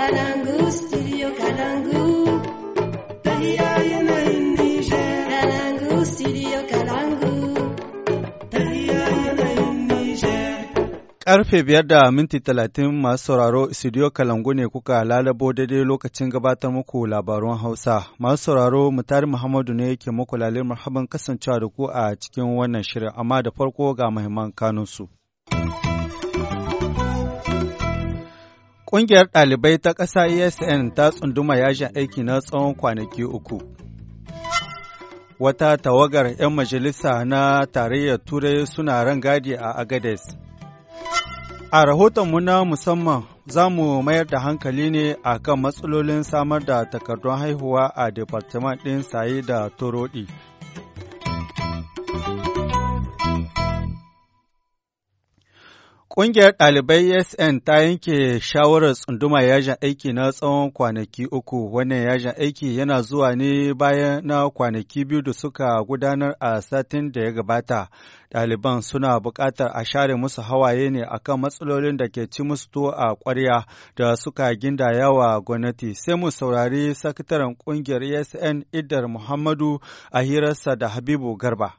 Kalangu, studio Kalangu. Tahia Kalangu, studio Kalangu. Tahia Karfe biyar da minti talatin masu sauraro studio Kalangu ne kuka lalabo daidai lokacin gabatar muku labarun Hausa. Masu sauraro mutari Muhammadu ne yake muku lalir marhaban kasancewa da ku a cikin wannan shirin amma da farko ga muhimman kanunsu. Ƙungiyar ɗalibai ta ƙasa ESN ta tsunduma yajin aiki na tsawon kwanaki uku. Wata tawagar 'yan majalisa na tarayyar Turai suna rangadi a Agades. A rahotonmu na musamman za mu mayar da hankali ne a kan matsalolin samar da takardun haihuwa a Departement ɗin Saye da Torodi. Ƙungiyar ɗalibai sn ta yanke shawarar tsunduma yajin aiki na tsawon kwanaki uku. Wannan yajin aiki yana zuwa ne bayan na kwanaki biyu da suka gudanar a satin da ya gabata. Ɗaliban suna buƙatar a share musu hawaye ne akan matsalolin da ke ci musu to a ƙwarya da suka ginda yawa gwamnati. Sai mu saurari sakataren ƙungiyar sn Idar Muhammadu a hirarsa da Habibu Garba.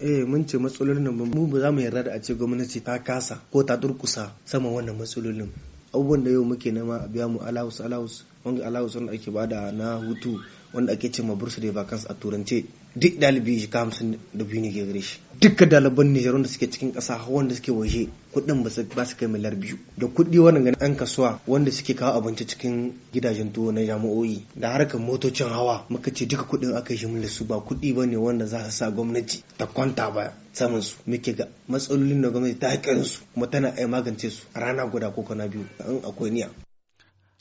eh mun ce matsalolin nan mu ba za mu yarda da a ce gwamnati ta kasa ko ta durkusa sama wannan matsalolin abubuwan da yau muke nema a biya mu alawus alawus wanga alawus wanda ake bada na hutu wanda ake ce ma bursa da vacance a turance duk ɗalibi ka hamsin da biyu ne ke gare shi duka ɗaliban Nijar wanda suke cikin ƙasa wanda suke waje kuɗin ba su kai miliyar biyu da kuɗi wannan ganin an kasuwa wanda suke kawo abinci cikin gidajen tuwo na jami'o'i da harkar motocin hawa muka ce duka kuɗin aka yi da su ba kuɗi ba ne wanda za su sa gwamnati ta kwanta ba saman su muke ga matsalolin da gwamnati ta haƙarin su kuma tana ai magance su rana guda ko kana biyu in akwai niyya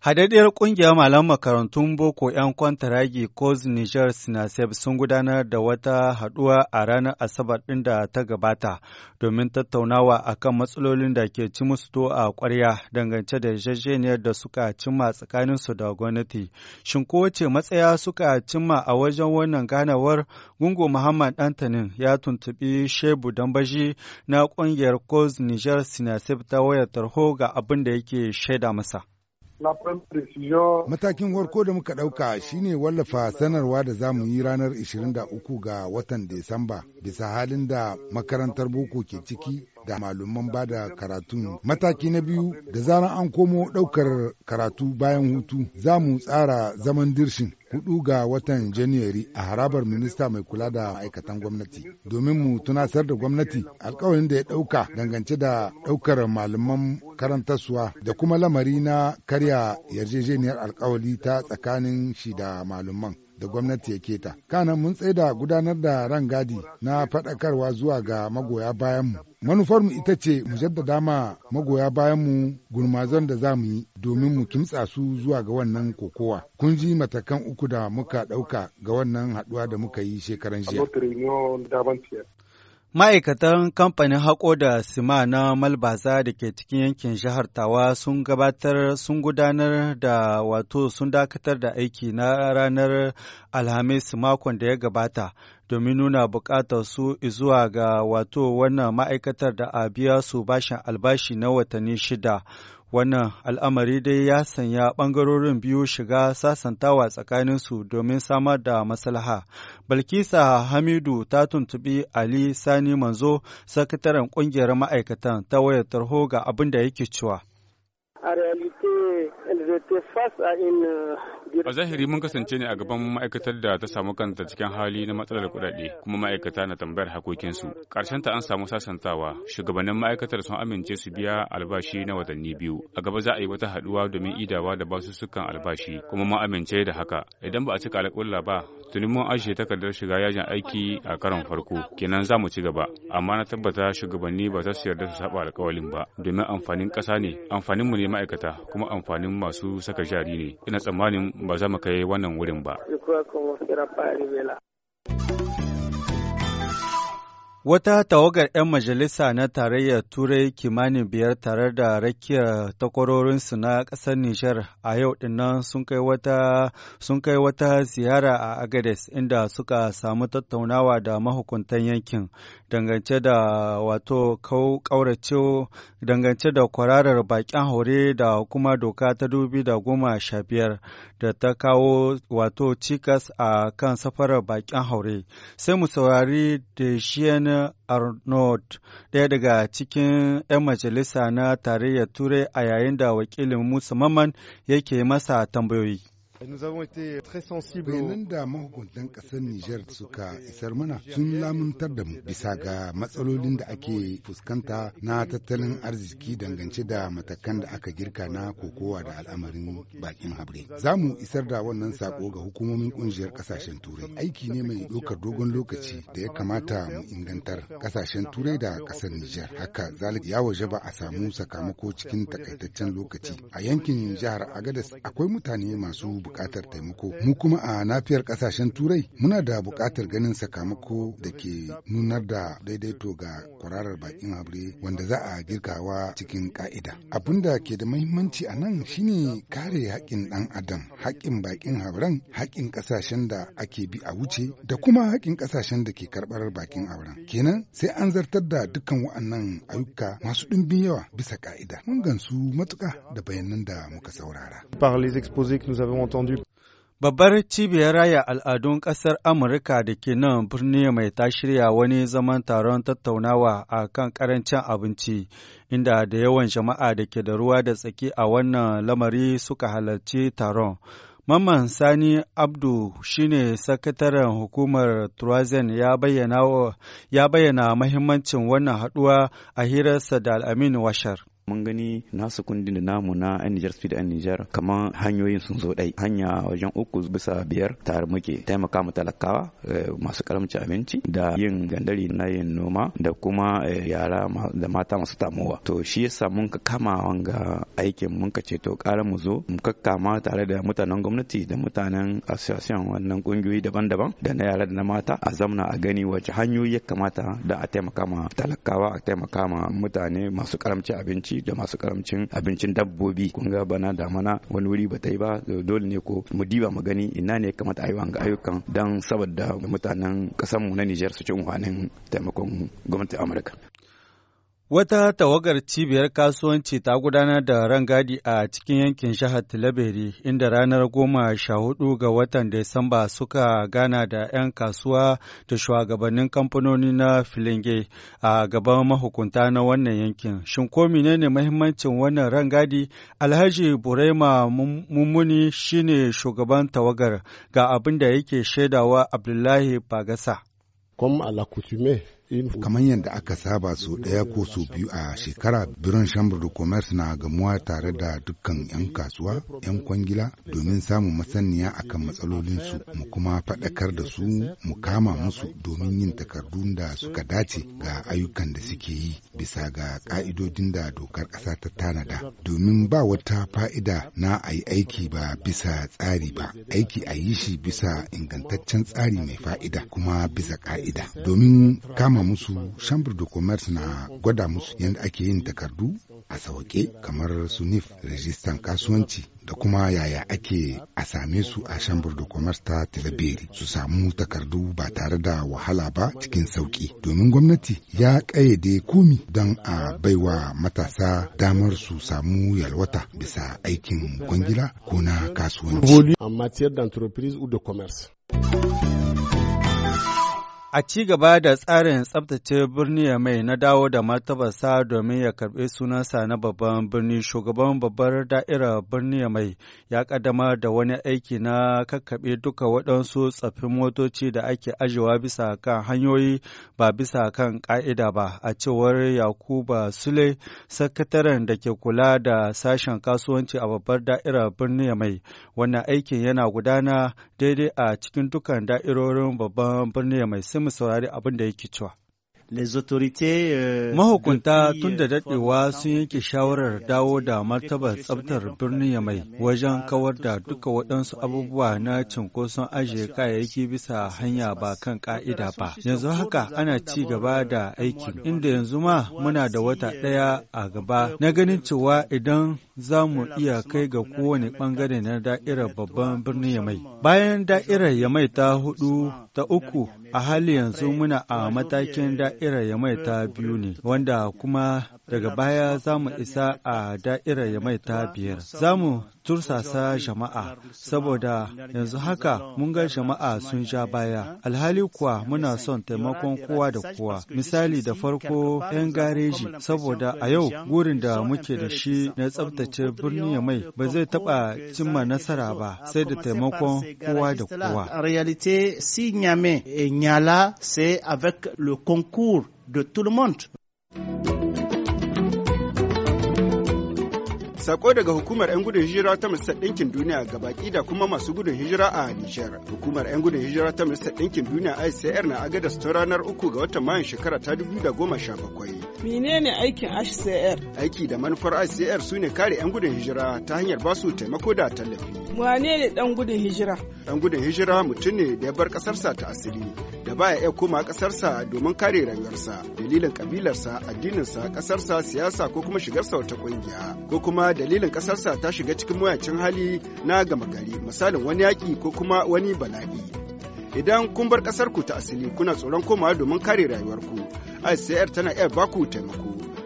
Hadaddiyar ƙungiyar malam makarantun boko 'yan kwantaragi Coz Niger Sinasef sun gudanar da wata haɗuwa a ranar Asabar ɗin da ta gabata domin tattaunawa a kan matsalolin da ke ci musu to a ƙwarya dangance da yarjejeniyar da suka cimma tsakaninsu da gwamnati. Shin kowace matsaya suka cimma a wajen wannan ganawar Gungu Muhammad Antanin ya tuntuɓi Shebu Dambashi na ƙungiyar Coz Niger Sinasef ta wayar tarho ga abin da yake shaida masa. Matakin farko da muka ɗauka shine wallafa sanarwa da za mu yi ranar 23 ga watan disamba bisa halin da makarantar boko ke ciki da malumman ba da karatun. Mataki na biyu da zaran an komo ɗaukar karatu bayan hutu za mu tsara zaman dirshin hudu ga watan Janairu a harabar minista mai kula da ma'aikatan gwamnati domin mu tunasar da gwamnati alkawarin da ya ɗauka. dangance da ɗaukar malaman karantarsuwa da kuma lamari na karya yarjejeniyar alkawali ta tsakanin shi da malaman. da gwamnati ya keta. Kanan mun tsaida gudanar da rangadi na faɗakarwa zuwa ga magoya bayanmu manufar mu ita ce mu jaddada ma magoya bayan mu gurmazon da za mu yi domin mu kimtsa su zuwa ga wannan kokowa. Kun ji matakan uku da muka ɗauka ga wannan haɗuwa da muka yi shekaran jiya. Ma'aikatan kamfanin haƙo da sima na Malbaza da ke cikin yankin jihar Tawa sun gabatar sun gudanar da wato sun dakatar da aiki na ranar Alhamis makon da ya gabata domin nuna buƙatar su zuwa ga wato wannan ma'aikatar da a biya su bashin albashi na watanni shida. Wannan al'amari dai ya sanya ɓangarorin biyu shiga sasantawa tsakaninsu domin samar da maslaha. Balkisa Hamidu ta tuntubi Ali Sani Manzo, sakataren ƙungiyar ma'aikatan ta wayar tarho ga abin da yake cewa. a Euh, a zahiri mun kasance ne a gaban ma'aikatar da ta samu kanta cikin hali na matsalar kudade kuma ma'aikata na tambayar hakokinsu. Ƙarshen ta an samu sasantawa, shugabannin ma'aikatar sun amince su biya albashi na watanni biyu. A gaba za a yi wata haduwa domin idawa da basussukan albashi kuma mun amince da haka. Idan ba a cika alƙulla ba, tuni mun ajiye takardar shiga yajin aiki a karon farko kenan za mu ci gaba amma na tabbata shugabanni ba za su yarda su saba alkawalin ba domin amfanin ƙasa ne amfanin mu ne ma'aikata kuma amfanin masu saka jari ne ina tsammanin ba za mu kai wannan wurin ba Wata tawagar 'yan majalisa na tarayyar Turai kimanin biyar tare da rakiyar takwarorinsu na ƙasar Nijar a yau dinnan sun kai wata ziyara a Agades inda suka samu tattaunawa da mahukuntan yankin dangance da wato kaurace dangance da kwararar bakin haure da kuma doka ta dubi da goma sha biyar da ta kawo wato cikas a kan safarar baƙin haure. Sai mu saurari da shi Anne Arnold, ɗaya daga cikin 'yan majalisa na tarayyar Turai a yayin da wakilin Musa Maman yake masa tambayoyi. Benin da mahukuntan ƙasar Nijar suka isar mana sun lamuntar da mu bisa ga matsalolin da ake fuskanta na tattalin arziki dangance da matakan da aka girka na kokowa da al'amarin bakin habre. Za mu isar da wannan sako ga hukumomin ƙungiyar ƙasashen Turai. Aiki ne mai ɗaukar dogon lokaci da ya kamata mu inganta ƙasashen Turai da ƙasar Nijar. Haka zalik ya waje ba a samu sakamako cikin takaitaccen lokaci. A yankin jihar Agadez akwai mutane masu buƙatar taimako mu kuma a nafiyar ƙasashen turai muna da buƙatar ganin sakamako da ke nunar da daidaito ga kwararar bakin habre wanda za a girkawa cikin ka'ida abin da ke da mahimmanci a nan shine kare haƙƙin ɗan adam haƙƙin bakin habren haƙƙin ƙasashen da ake bi a wuce da kuma haƙƙin ƙasashen da ke karɓar bakin auren kenan sai an zartar da dukkan wa'annan ayyuka masu ɗimbin yawa bisa ka'ida mun gansu matuƙa da bayanan da muka saurara par entendu. Babbar cibiyar raya al'adun ƙasar Amurka da ke nan birni mai ta shirya wani zaman taron tattaunawa a kan ƙarancin abinci, inda da yawan jama'a da ke da ruwa da tsaki a wannan lamari suka halarci taron. Mamman Sani Abdu shine sakataren hukumar Trozen ya bayyana mahimmancin wannan haɗuwa a hirarsa da Al'amin Washar. mun gani nasu kundin da namu na yan Niger Speed yan Niger kamar hanyoyin sun zo ɗai hanya wajen uku bisa biyar tare muke taimaka mu talakawa eh, masu karamci abinci da yin gandari na yin noma da kuma eh, yara da mata masu tamowa to shi yasa mun ka kama wanga aikin mun ka ceto ƙara mu zo mu kakkama tare da mutanen gwamnati da mutanen association wannan kungiyoyi daban-daban da na yara da na mata a zamna a gani wace hanyoyi ya kamata da a taimaka ma talakawa a taimaka ma mutane masu karamci abinci da masu karamcin abincin dabbobi kun ga bana da mana wani wuri ba ta yi ba dole ne ko mu diba mu gani ina ne kamata ayi wanga ayyukan dan saboda mutanen kasan mu na Niger su ci umarnin taimakon gwamnatin Amurka Wata tawagar cibiyar kasuwanci ta gudanar da rangadi a cikin yankin jihar Tilaberi, inda ranar goma sha hudu ga watan Disamba suka gana da 'yan kasuwa da shugabannin kamfanoni na Filinge a gaban mahukunta na wannan yankin. Shin ko menene mahimmancin wannan rangadi? Alhaji Burema Mummuni shine shugaban tawagar ga abin da yake shaidawa Abdullahi Bagasa. Comme Kamar yadda aka saba sau ɗaya ko sau biyu a shekara, biron Chamber de Commerce na gamuwa tare da dukkan 'yan kasuwa, 'yan kwangila domin samun masaniya akan matsalolinsu, mu kuma faɗakar da su mu kama musu domin yin takardun da suka dace ga ayyukan da suke yi bisa ga ƙa'idodin da dokar ƙasa ta tanada. Domin ba wata fa'ida na a yi aiki ba bisa tsari ba, aiki a yi shi bisa ingantaccen tsari mai fa'ida kuma bisa ƙa'ida. Domin kama sama musu chambre de commerce na gwada musu yadda ake yin takardu a sauƙe kamar su nif rajistan kasuwanci da kuma yaya ake a same su a chambre de commerce ta telebiri su samu takardu ba tare da wahala ba cikin sauƙi domin gwamnati ya ƙayyade komi don a baiwa matasa damar su samu yalwata bisa aikin kwangila ko na kasuwanci. A ci gaba da tsarin tsabtace birni ya mai na dawo da martabarsa domin ya karɓi sunansa na babban birni, shugaban babbar da'irar birni ya mai ya ƙaddamar da wani aiki na kakkaɓe duka waɗansu tsaffin motoci da ake ajiyewa bisa kan hanyoyi ba bisa kan ƙa'ida ba, a cewar Yakuba Sule, sakataren da ke kula da sashen kasuwanci a babbar da'irar birni ya mai. Wannan aikin yana gudana daidai a cikin dukan da'irorin babban birni ya mai sai mu saurari abin da yake cewa. Euh, Mahukunta tun da euh, daɗewa sun yanke shawarar dawo da martabar tsabtar birnin Yamai euh, wajen kawar da duka waɗansu abubuwa na cinkoson ajiye kayayyaki bisa hanya ba kan ƙa'ida ba. Yanzu haka ana ci gaba da aikin, inda yanzu ma muna da wata ɗaya a gaba na ganin cewa idan za mu iya kai ga kowane ɓangare na da'irar babban birnin Yamai. Bayan da'irar Yamai ta hudu ta uku a hali yanzu muna a matakin da'irar da'irar mai ta biyu ne, wanda kuma daga baya za mu isa a da'irar mai ta biyar. Za mu tursasa jama'a, saboda yanzu haka mun ga jama'a sun ja baya. Alhali kuwa muna son taimakon kowa da kowa. Misali da farko 'yan gareji, saboda a yau gurin da muke da shi na tsabtace birnin mai ba zai taɓa cimma nasara ba, sai da taimakon kowa da kowa. a realite si Niamey est avec le concours pour de tout le monde. sako daga hukumar 'yan gudun hijira ta Majalisar Ɗinkin Duniya ga baki da kuma masu gudun hijira a Nijar. Hukumar 'yan gudun hijira ta Majalisar Ɗinkin Duniya ICR na agadas ta ranar uku ga watan Mayun shekara ta bakwai. Menene aikin ICR? Aiki da manufar ICR su ne kare 'yan gudun hijira ta hanyar basu taimako da tallafi. Wane ne ɗan gudun hijira? Ɗan gudun hijira mutum ne da ya bar ƙasarsa ta asiri. baya iya koma ƙasarsa domin kare rangarsa dalilin ƙabilarsa addininsa ƙasarsa siyasa ko kuma shigarsa wata ƙungiya ko kuma dalilin ƙasarsa ta shiga cikin mayacin hali na gama gari misalin wani yaƙi ko kuma wani bala'i idan kun bar ƙasarku ta asali kuna tsoron komawa domin kare rayuwarku ICR tana iya baku taimako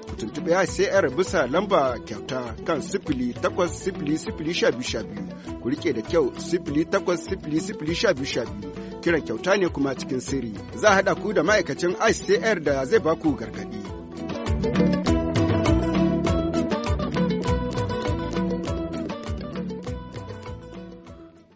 ku tuntuɓe ICR bisa lamba kyauta kan sifili takwas sifili sifili sha biyu sha biyu ku riƙe da kyau sifili takwas sifili sifili sha biyu sha biyu Kira kyauta ne kuma cikin sirri. Za a haɗa ku da ma'aikacin ICR da zai baku gargaɗi.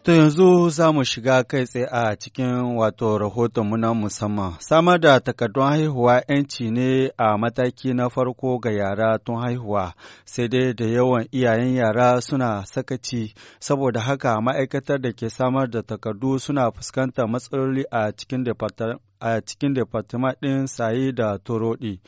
To yanzu za mu shiga kai tsaye a cikin wato rahotonmu na musamman. Samar da takardun haihuwa ‘yanci ne a mataki na farko ga yara tun haihuwa, sai dai da yawan iyayen yara suna sakaci, saboda haka ma'aikatar da ke samar da takardu suna fuskantar matsaloli a cikin departament ɗin saye da torodi.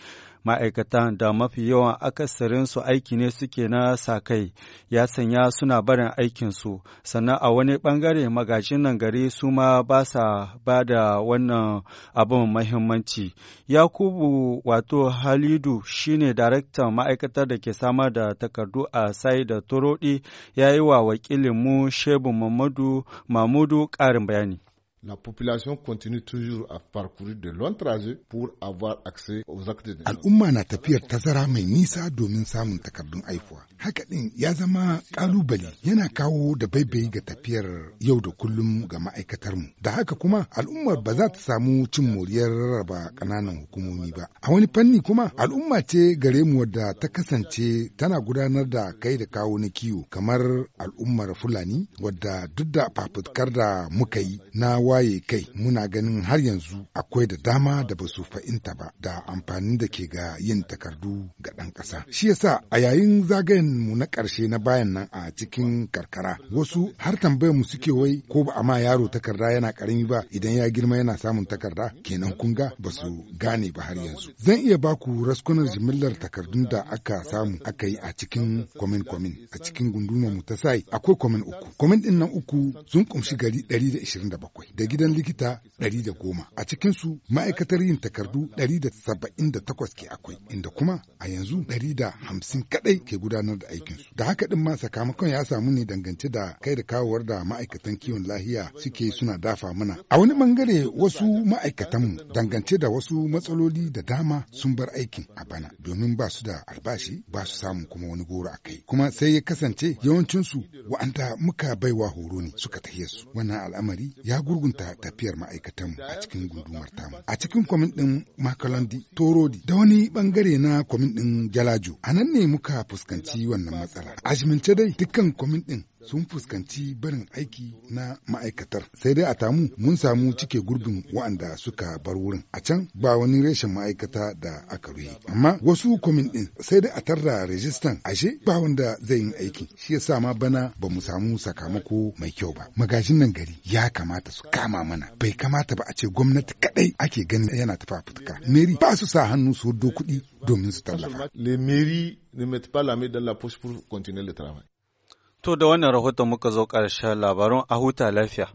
ma'aikata da mafi yawan akasarinsu aiki ne suke na sa-kai ya sanya suna barin aikinsu sannan a wani ɓangare magajin nan gari su ma ba sa ba da wannan abin mahimmanci yakubu wato halidu shine daraktan ma'aikatar da ke samar da takardu a sai da turodi ya yi wa wakilinmu shebu mamudu ƙarin bayani La population continue toujours à parcourir de longs trajets pour avoir accès aux actes de Al'umma na tafiyar tazara mai nisa domin samun takardun aifuwa. Haka ɗin ya zama ƙalubale yana kawo da baibayi ga tafiyar yau da kullum ga ma'aikatar mu. Da haka kuma al'umma ba za ta samu cin moriyar rarraba ƙananan hukumomi ba. A wani fanni kuma al'umma ce gare mu wadda ta kasance tana gudanar da kai da kawo na kiwo kamar al'ummar Fulani wadda duk da fafutkar da muka yi na waye kai muna ganin har yanzu akwai da dama da ba su fahimta ba da amfanin da ke ga yin takardu ga ɗan ƙasa. Shi yasa a yayin zagayen mu na ƙarshe na bayan nan a cikin karkara wasu har tambayar mu suke wai ko ba a ma yaro takarda yana ƙarami ba idan ya girma yana samun takarda kenan kun ga ba su gane ba har yanzu. Zan iya ba ku raskunar jimillar takardun da aka samu aka yi a cikin kwamin kwamin a cikin gundumar mu ta sai akwai kwamin uku. Kwamin ɗin nan uku sun kumshi gari da da bakwai. da gidan likita ɗari da goma a cikinsu ma'aikatar yin takardu ɗari da da saba'in takwas ke akwai inda kuma a yanzu ɗari da hamsin kadai ke gudanar da aikinsu da haka din ma sakamakon ya samu ne dangance da kai da kawowar da ma'aikatan kiwon lahiya suke suna dafa mana a wani bangare wasu ma'aikatanmu dangance da wasu matsaloli da dama sun bar aikin a bana domin ba su da albashi ba su samun kuma wani goro a kai kuma sai ya kasance yawancinsu wa'anda muka baiwa horo ne suka tahiyar su wannan al'amari ya gurgun inganta tafiyar ma'aikatan a cikin gundumar tamu. A cikin kwamin ɗin Makalandi, Torodi, da wani bangare na kwamin ɗin jalajo a nan ne muka fuskanci wannan matsala. A dai dukkan kwamin ɗin sun fuskanci barin aiki na ma'aikatar sai dai a tamu mun samu cike gurbin wa'anda suka bar wurin a can ba wani reshen ma'aikata da aka ruhi amma wasu kwamin din sai dai a tarra rajistan ashe ba wanda zai yi aiki shi yasa ma bana ba mu samu sakamako mai kyau ba magajin nan gari ya kamata su kama mana bai kamata ba a ce gwamnati kadai ake ganin yana tafa fuska meri ba su sa hannu su hudo kuɗi domin su tallafa les ne pas la main la poche pour le travail To da wannan rahoton muka zo ƙarshen labarun a huta lafiya.